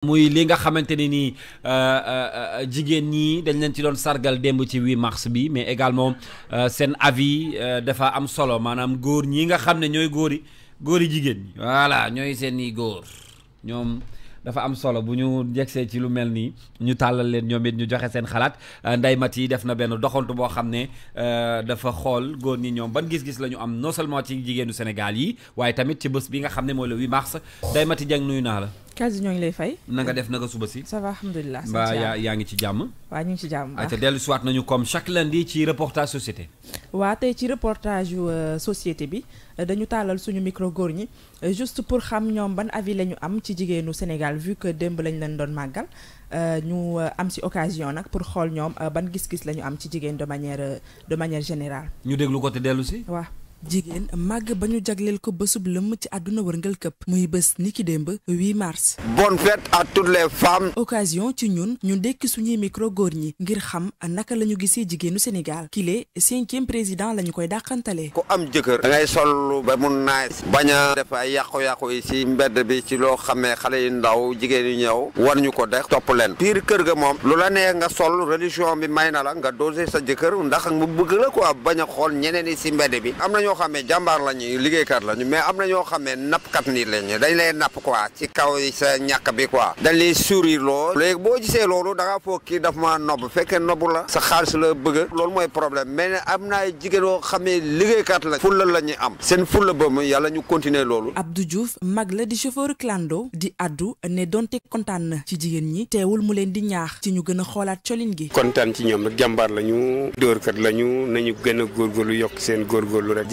muy li nga xamante ne nii euh, euh, euh, jigéen ñi dañ leen ci doon sargal démb ci 8 mars bi mais également seen avis dafa am solo maanaam góor ñi nga xam ne ñooy góor góori jigéen ñi voilà ñooy seen i góor ñoom dafa am solo bu ñu yegsee ci lu mel ni ñu tàllal leen ñoom it ñu joxe seen xalaat nday mat yi def na benn doxantu boo xam ne dafa xool góor ñi ñoom ban gis-gis la ñu am non ci jigéenu Sénégal yi waaye tamit ci bës bi nga xam ne mooy le 8 mars nday mati jang nuyu naa la Kaz ñoo ngi lay fay. na nga def naka suba si. ça va alhamdulilah. yaa yaa ngi ci jàmm. waa ñu ngi ci jàmm waaw te dellu si waat nañu comme chaque lundi ci reportage société. waa ci reportage euh, société bi euh, dañu tàllal suñu micro góor ñi euh, juste pour xam ñoom ban avis la ñu am ci jigéenu Sénégal vu que démb lañ leen doon màggal ñu am si occasion nag pour xool ñoom ban gis-gis la ñu am ci jigéen de manière de manière générale. ñu déglu ko te dellu si. jigéen màgg ba ñu jagleel ko bésub lëmm ci àdduna wërngal këpp muy bés niki démb 8 mars. bon fête à toutes les femmes. occasion ci ñun ñu ndekki suñuy micro góor ñi ngir xam naka la ñu gisee jigéenu Sénégal kile cinquième président la ñu koy dàqantalee. ko am jëkkër da ngay sol ba mun naa bañ a def ay yàqu-yàqu yi ci mbedd bi ci loo xamee xale yu ndaw jigéen yi ñëw war ñu ko def topp leen biir kër ga moom lu la neex nga sol religion bi may na la nga doser sa jëkkër ndax mu bëgg la quoi bañ a xool yi ci mbedd bi ñoo xam ne jàmbaar lañu liggéeykat lañu mais am na ñoo xam ne nappkat nii lañu dañ lay napp quoi ci kaw sa ñàkk bi quoi dañ lay sourire loo léegi boo gisee loolu da ngaa foog ma nobb fekkee nobb la sa xaalis la bëgg loolu mooy problème mais am na jigéen yoo xam liggéeykat la fulla la ñu am seen fulla ba mu yàlla ñu continuer loolu Abdou Diouf mag la di chauffeur clando di addu ne donte kontaan na ci jigéen ñi teewul mu leen di ñaax ci ñu gën a xoolaat colin gi kontaan ci ñoom nag jàmbaar lañu dóorkat lañu a góorgóorlu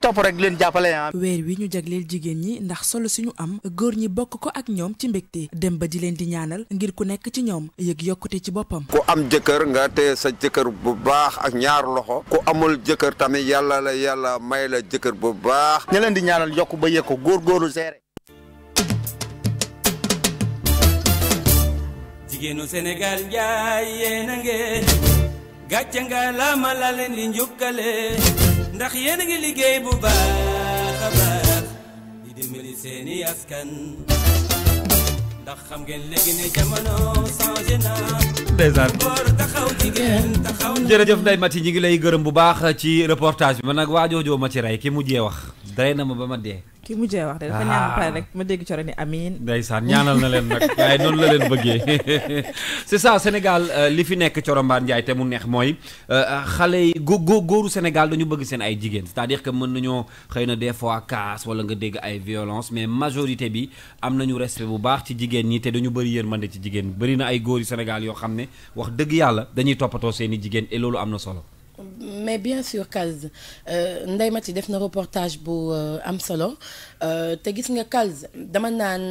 topp rek leen jàppale ah. weer wi ñu jagleel jigéen ñi ndax solo suñu am góor ñi bokk ko ak ñoom ci mbégte dem ba di leen di ñaanal ngir ku nekk ci ñoom yëg yokkute ci boppam. ku am jëkkër nga te sa jëkkër bu baax ak ñaar loxo ku amul jëkkër tamit yàlla la yàlla may la jëkkër bu baax. ña leen di ñaanal yokk ba yëg ko góorgóorlu seere. jigéenu Sénégal ndax yéen a ngi liggéey bu a baax di dimbali seeni askan ndax xam ngeen léegi ne jamono changé na. ndeysaan góor taxaw jigéen taxaw na. jërëjëf Ndeye Mati ñi ngi lay gërëm bu baax ci reportage ma nag nag waajoojo ma ci rey ki mujjee wax. day na ma ba ma dee. ki mujjee wax de dafa ñaan pare ah. rek ma dégg coro ni amiin. ndeysaan ñaanal na leen nag waaye noonu la leen bëggee c'est ça euh, li fi nekk coro Mbaar te mu neex mooy euh, xale yi gó góoru Sénégal dañu bëgg seen ay jigéen cest à que mën nañoo xëy na des fois casse nga dégg ay violence mais majorité bi am nañu respect bu baax ci jigéen ñi te dañu bëri yërmande ci jigéen bëri na ay góor yu Sénégal yoo xam ne wax dëgg yàlla dañuy toppatoo seen i jigéen et loolu am na solo. mais bien sûr Kals euh, Ndeye yi def na reportage bu euh, am solo euh, te gis nga Kals dama naan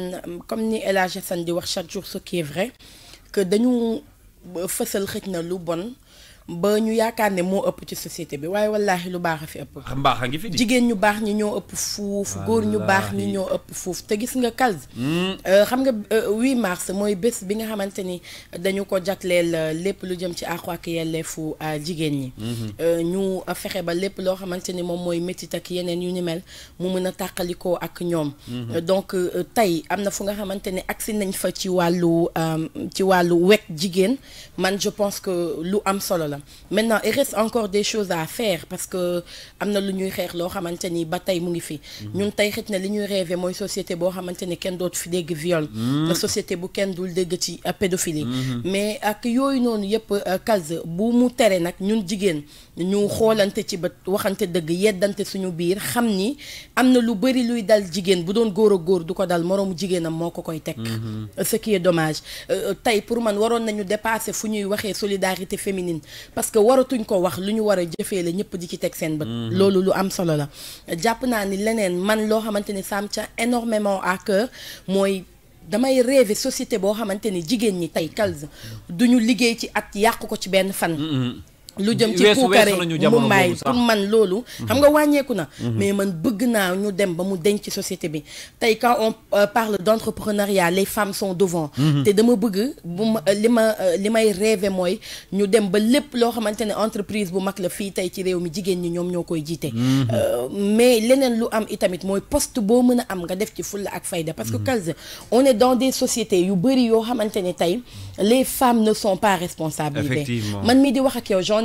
comme ni El Hadj Assane di wax chaque jour ce qui est vrai que dañu fësal xëj na lu bon ba ñu yaakaar ne moo ëpp ci société bi waaye wallaahi lu baax a fi ëpp. mbaax a jigéen ñu baax ñi ñoo ëpp fuuf. góor ñu baax ñi ñoo ëpp fuuf te gis nga Kals. Hmm. Euh, xam nga 8 euh, mars mooy bés bi nga xamante ni dañu ko jagleel euh, lépp lu jëm ci àqu ak yelleefu jigéen ñi. Hmm. ñu fexe ba lépp loo xamante ni moom mooy métit ak yeneen yu ni mel mu mën a tàqalikoo ak ñoom. Hmm. donc tey am na fu nga xamante ni agsi nañ fa ci wàllu ci wàllu wekk jigéen man je pense que lu am solo la. la maintenant il reste encore des choses à faire parce que am na lu ñuy xeex loo xamante ni ba tey mu ngi fi. Mhm. ñun tey xëj na li ñuy rêvé mooy société boo xamante ni kenn dootu fi dégg viol. Mhm. société bu kenn dul dégg ci euh, pédophilie. Mhm. mais ak yooyu noonu yëpp Kals euh, bu mu tere nag ñun jigéen ñu xoolante ci ba waxante dëgg yeddante suñu biir xam ni am na lu bëri luy dal jigéen bu doon góor góor du ko dal moroomu jigéenam moo ko koy teg. ce qui est dommage euh, tey pour man waroon nañu dépasser fu ñuy waxee solidarité féminine parce que waratuñ ko wax lu ñu war a jëfee la ñëpp di ci teg seen bët. Mhm. loolu lu am solo la. jàpp naa ni leneen man loo xamante ni ça ca tient énormément à cœur mooy. damay rêver société boo xamante ni jigéen ñi tey du ñu liggéey ci at yàq ko ci benn fan. Mhm. lu jëm ci puukare mu may pour man loolu xam nga mhm. wàññeeku na mhm. mais man bëgg naa ñu dem ba mu denc ci société bi tey quand on euh, parle d'entrepreneuriat les femmes sont devant mhm. te dama bëgg bu ma euh, li ma euh, li may rêvé mooy ñu dem ba lépp loo xamante ne entreprise bu mag la fii tey ci réew mi jigéen ñi ñoom ñoo koy jiite mais leneen lu am itamit mooy poste boo mën a am nga def ci fulla ak fayda parce que Kals on est dans des sociétés yu bëri yoo xamante ne tey les femmes ne sont pas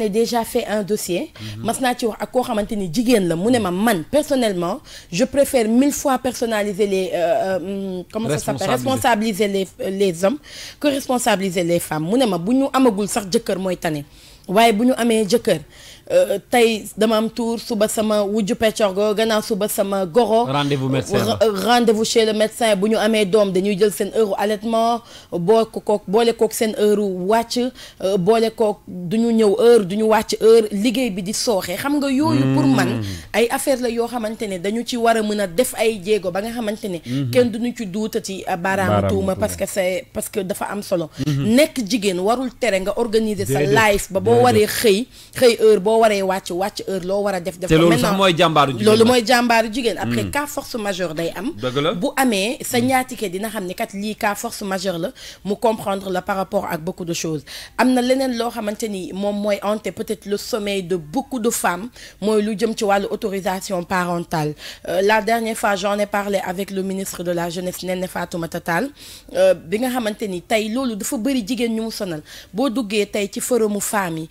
ai déjà fait un dossier mas naa ci wax ak koo xamante ni jigéen la mu ne ma man personnellement je préfère mille fois personnaliser les euh, euh comment ça s'appelle responsabiliser les euh, les hommes que responsabiliser les femmes mu ne ma bu ñu amagul sax jëkkër mooy tane waaye bu ñu amee jëkkër Euh, tey dama am tour suba sama wujju peccorgo gannaaw suba sama goro. rendez-vous médecin rendez-vous chez le médecin bu ñu amee doom dañuy jël seen heure allaitement boo ko boole kook seen heure wàcc euh, boole kook du ñu ñëw heure du ñu wàcc heure liggéey bi di sooxee xam nga yooyu pour man hmm. ay affaire la yoo xamante ne dañu ci war a mën a def ay jéego ba nga xamante ne hmm. kenn ñu ci duutati ah, baaraamu tuuma parce que c'est parce que dafa am solo hmm. nekk jigéen warul tere nga organiser sa boo waree wàcc wàcc heure loo war a def def te loolu sax mooy jàmbaaru jigéen loolu mooy jàmbaaru jigéen hmm. après cas force majeure day am bu amee sa hmm. ñaatike dina xam ne kat lii cas force majeure la mu comprendre la par rapport ak bokku de choses am na leneen loo xamante ni moom mooy hanté peut-être le sommeil de beaucoup de femmes mooy lu jëm ci wàllu autorisation parentale euh, la dernière fois j'en ai parlé avec le ministre de la jeunesse Néné Fatoumata Tall euh, bi nga xamante ni tey loolu dafa bëri jigéen ñu mu sonal boo duggee tey ci forumu femmes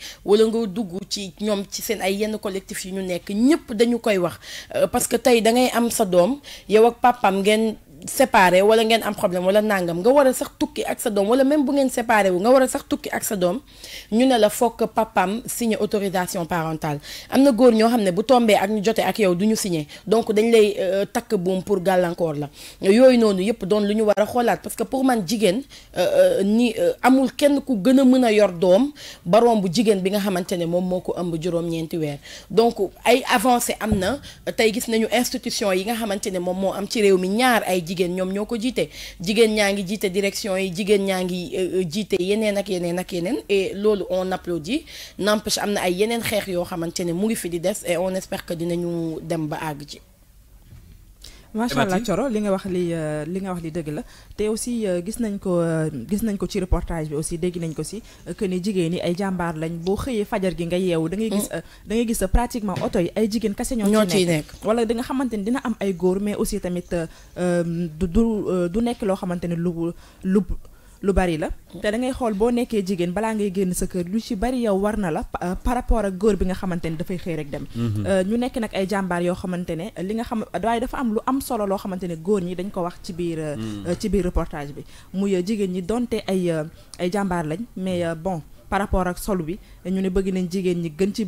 yi wala ñoom ci seen ay yenn collectif yu ñu nekk ñëpp dañu koy wax euh, parce tey da ngay am sa doom yow ak papaam ngeen séparé wala ngeen am problème wala nangam nga war a sax tukki ak sa doom wala même bu ngeen séparé wu nga war a sax tukki ak sa doom ñu ne la fokk papam signé autorisation parentale am na góor ñoo xam ne bu tombee ak ñu jotee ak yow du ñu signé donc dañ lay euh, takk buum pour gàllankoor la yooyu noonu yëpp doon lu ñu war a xoolaat parce que pour man jigéen euh, euh, ni amul kenn ku gën a mën a yor doom baroom bu jigéen bi nga xamante ne moom moo ko ëmb juróom-ñeenti weer donc ay avancé am na tey gis nañu institution yi nga xamante ne moom moo am ci réew mi jigéen ñoom ñoo ko jiite jigéen ñaa ngi jiite direction yi jigéen ñaa ngi euh, euh, jiite yeneen ak yeneen ak yeneen et loolu on applaudit n'empêche am na ay yeneen xeex yoo xamante ne mu ngi fi di des et on espère que dinañu dem ba àgg ci macha allah Thioro li nga wax li euh, li nga wax li dëgg la te aussi euh, gis nañ ko euh, gis nañ ko ci reportage bi aussi dégg nañ ko si que ni jigéen ñi ay jàmbaar lañ boo xëyee fajar gi nga yeewu da ngay gis mm. da ngay gis pratiquement oto yi ay jigéen kese ñoo ciy nekk wala da nga xamante ni dina am ay góor mais aussi tamit du du du nekk loo xamante ni lu lu lu bari la te da xool boo nekkee jigéen balaa ngay génn sa kër lu ci bari yow war na la euh, par rapport ak góor bi nga xamante ne dafay xëy rek dem mm-hmm. euh, ñu nekk nag ay jàmbaar yoo xamante ne li nga xam waaye dafa am lu am solo loo xamante ne góor ñi dañ ko wax ci biir euh, mm. ci biir reportage bi muy jigéen ñi donte ay ay jàmbaar lañ mais bon par rapport ak sol bi ñu ne bëgg nañ jigéen ñi gën ci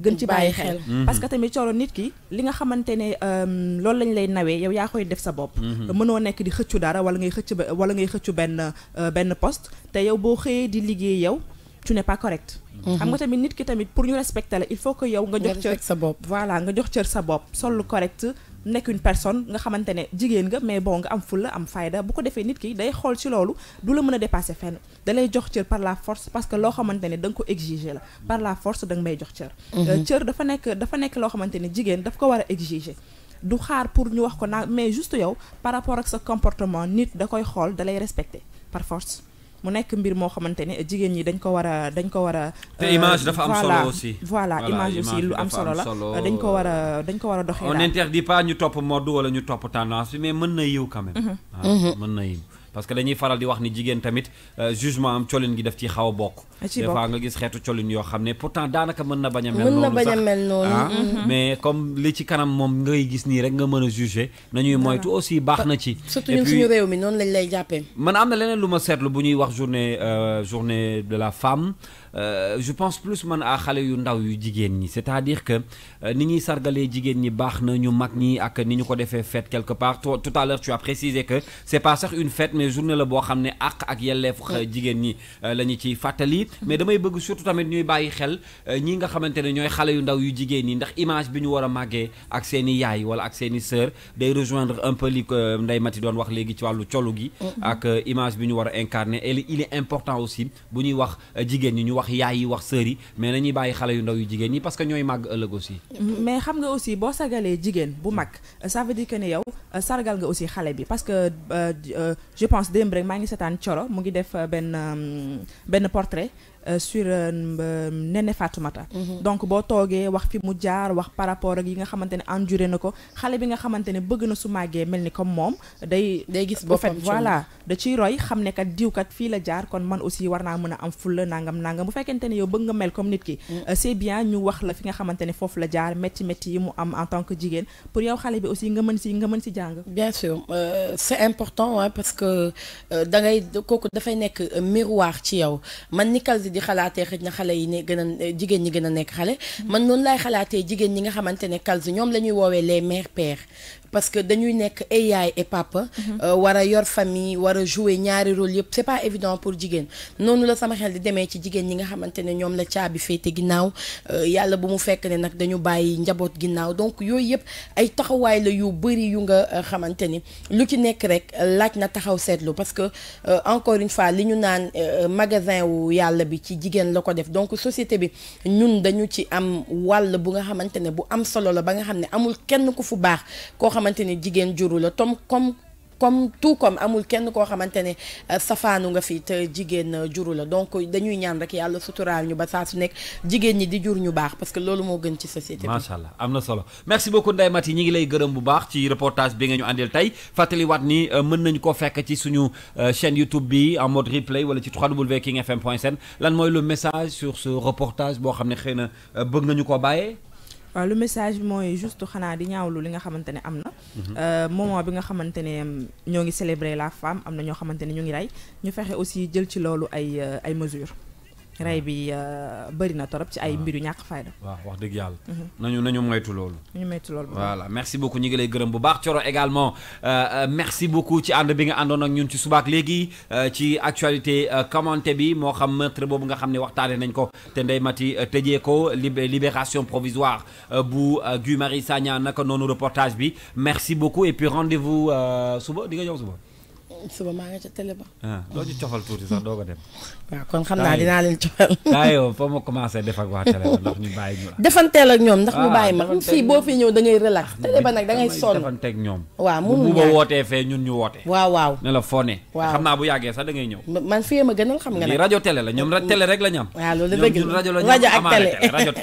gën ci bàyyi xel parce que tamit coro nit ki li nga xamante ne euh, loolu lañ lay nawee yow yaa koy def sa bopp mm-hmm. mënoo nekk di xëccu dara wala ngay xëcc wala ngay xëccu benn euh, benn poste te yow boo xëyee di liggéey yow tu n'es pas correct mm-hmm. xam nga tamit nit ki tamit pour ñu respecter la il faut que yow nga jox cër sa bopp voilà nga jox cër sa bopp sol lu correct nekk une personne nga xamante ne jigéen nga mais bon nga am fulla am fayda bu ko defee nit ki day xool ci loolu du la mën a dépasser fenn dalay jox cër par la force parce que loo xamante ne danga ko exiger la par la force da nga may jox cër mhm. euh, cër dafa nekk dafa nekk loo xamante ne jigéen daf ko war a exiger du xaar pour ñu wax ko naa mais juste yow par rapport ak sa comportement nit da koy xool da lay respecter par force mu nekk mbir moo xamante ne jigéen ñi dañ ko war a dañ ko war a. te image dafa am euh, solo aussi. voilà image aussi lu am solo la dañ ko war a dañ ko war a doxee. on interdit pas ñu topp mode wala ñu topp tendance bi mais mën na yiw quand même. Mhm. Ah, mhm. mën na yiw. parce que dañuy faral di wax ni jigéen tamit euh, jugement am colin gi daf ci xaw a bokk des fois nga gis xeetu colin yoo xam ne pourtant daanaka mën na bañ a mel noonu ah? mm-hmm. mais comme li ci kanam moom ngay gis nii rek nga mën a juger nañuy moytu aussi baax na ci surtout ñun suñu réew mi noonu lañ lay jàppee man am na leneen lu ma seetlu bu ñuy wax journée euh, journée de la femme Euh, je pense plus man à xale yu ndaw yu jigéen ñi c'est-à-dire que euh, ni ñuy sargalee jigéen ñi baax na ñu mag ñi ak ni ñu ko defee fête quelque part tout à l'heure tu as que c'est pas sax une fête mais journée la boo xam ne àq ak yelleef jigéen ñi euh, lañu ñu ciy fàttali mais damay bëgg surtout tamit ñuy bàyyi xel ñi nga xamante ne ñooy xale yu ndaw yu jigéen ñi ndax image bi ñu war a màggee ak seen i yaay wala ak seen i sœur day rejoindre un peu li doon wax léegi ci wàllu colu gi mm-hmm. wax yaay yi wax sœur yi mais nañuy bàyyi xale yu ndaw yu jigéen ñi parce que ñooy màgg ëllëg aussi mais xam nga aussi boo sagalee jigéen bu mag ça veut dire ne yow euh, sargal nga aussi xale bi parce que euh, euh, je pense démb maa ngi seetaan Coro mu ngi def benn benn portrait Euh, sur euh, Néné Fatoumata mhm. donc boo toogee wax fi mu jaar wax par rapport ak yi nga xamante ne enduré na ko xale bi nga xamante ne bëgg na su màggee mel ni comme moom day day gis boppam voilà da ciy roy xam ne kat diwkat fii la jaar kon man aussi war naa mën a am fulla nangam nangam bu fekkente ni yow bëgg nga mel comme nit ki mm. euh, c'est bien ñu wax la fi nga xamante ne foofu la jaar métti métti yi mu am en tant que jigéen pour yow xale bi aussi nga mën si nga mën si jàng bien sûr euh, c'est important parce que da ngay kooku dafay nekk miroir ci yow di xalaatee xëj na xale yi ne gën a jigéen ñi gën a nekk xale man noonu laay xalaatee jigéen ñi nga xamante ne kalzu ñoom la ñuy woowee les mères pères parce que dañuy nekk ay yaay et papa. Mhm. Euh, war a yor famille war a jouer ñaari rôle yëpp c'est pas évident pour jigéen noonu la sama xel di demee ci jigéen ñi nga xamante ne ñoom la caabi féete ginnaaw euh, yàlla bu mu fekk ne nag dañu bàyyi njaboot ginnaaw donc yooyu yëpp ay taxawaay la yu bëri yu nga euh, xamante ni lu ci nekk rek laaj na taxaw seetlu parce que encore une fois li ñu naan magasin wu yàlla bi ci jigéen la ko def donc société bi ñun dañu ci am wàll bu nga xamante ne bu am solo la ba nga xam ne amul kenn ku fu baax xamante ni jigéen juru la tom comme comme tout comme amul kenn koo xamante ne euh, safaanu nga fi te jigéen euh, juru la donc dañuy ñaan rek yàlla suturaal ñu ba saa su nekk jigéen ñi di jur ñu baax que loolu moo gën ci société bi. macha allah am na solo merci beaucoup Ndeye Mati ñi ngi lay gërëm bu baax ci reportage bi nga ñu àndil tey fàttaliwaat ni euh, mën nañu koo fekk ci suñu chaîne YouTube bi en mode replay wala ci www.kingfm.sn lan mooy lu message sur ce reportage boo xam ne xëy na bëgg nañu koo bàyyee. waaw lu message bi mooy juste xanaa di ñaawlu li nga xamante ne am na mhm. euh, moment bi nga xamante ne mm, ñoo ngi célébrer la femme am na ñoo xamante ne ñu ngi rey ñu fexe aussi jël ci loolu ay euh, ay mesures rey bi euh, bëri na torop ci ay mbir yu ñàkk fayda waaw wax dëgg yàlla mhm. nañu nañu moytu loolu nañu moytu loolu voilà merci beaucoup ñi ngi lay gërëm bu baax Thioro également euh, euh, merci beaucoup ci ànd bi nga àndoon ak ñun ci subaak léegi ci actualité commenté bi moo xam meurtre boobu nga xam ne waxtaane nañ ko te Ndeye Maty tëjee ko libération provisoire bu Guy Marius Sagna naka noonu reportage bi merci beaucoup et puis rendez-vous suba di ñëw suba suba maa nga ca télé ba. Ah, doo ci cofal tuuti sax doo ko dem. waaw kon xam naa dinaa leen cofal. daa yow foo ma commencé def ak waa télé ba ndax ñu bàyyi ñu la. defanteel ak ñoom ndax ñu ah, bàyyi ma fii boo fi ñëw da ngay relax. Ah, télé ba nag da ngay sonn defanteeg ñoom. waaw mu bu wootee fee ñun ñu woote. waaw waaw ne la foone. waaw xam naa bu yàggee sax da ngay ñëw. man fii ma gënal xam nga nag. rajo télé la ñoom télé rek la la rajo ak télé rajo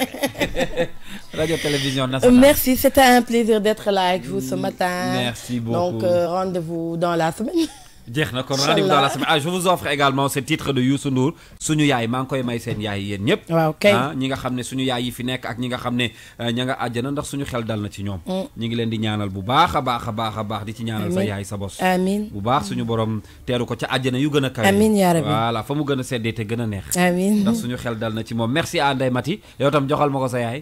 radio télévision nationale. Merci, c'était un plaisir d'être là avec vous ce mm, matin. Merci beaucoup. Donc, euh, rendez-vous dans la semaine. jeex na ko rendez-vous dans la semaine ah je vous offre également ce titre de Youssou Ndour suñu yaay maa ngi koy may seen yaay yéen ñëpp waaw kay ah, ñi nga xam ne suñu yaay yi fi nekk ak ñi nga xam ne euh, ña nga àjjana ndax suñu xel dal na ci ñoom mm. ñi ngi leen di ñaanal bu baax a baax a baax a baax di ci ñaanal sa yaay sa bos bu baax suñu borom teeru ko ca àjjana yu gën a kawe amiin yaa rabbi fa mu gën a seddee gën a neex amiin ndax suñu xel dal na ci moom merci à Ndeye Mati yow tam joxal ma ko sa yaay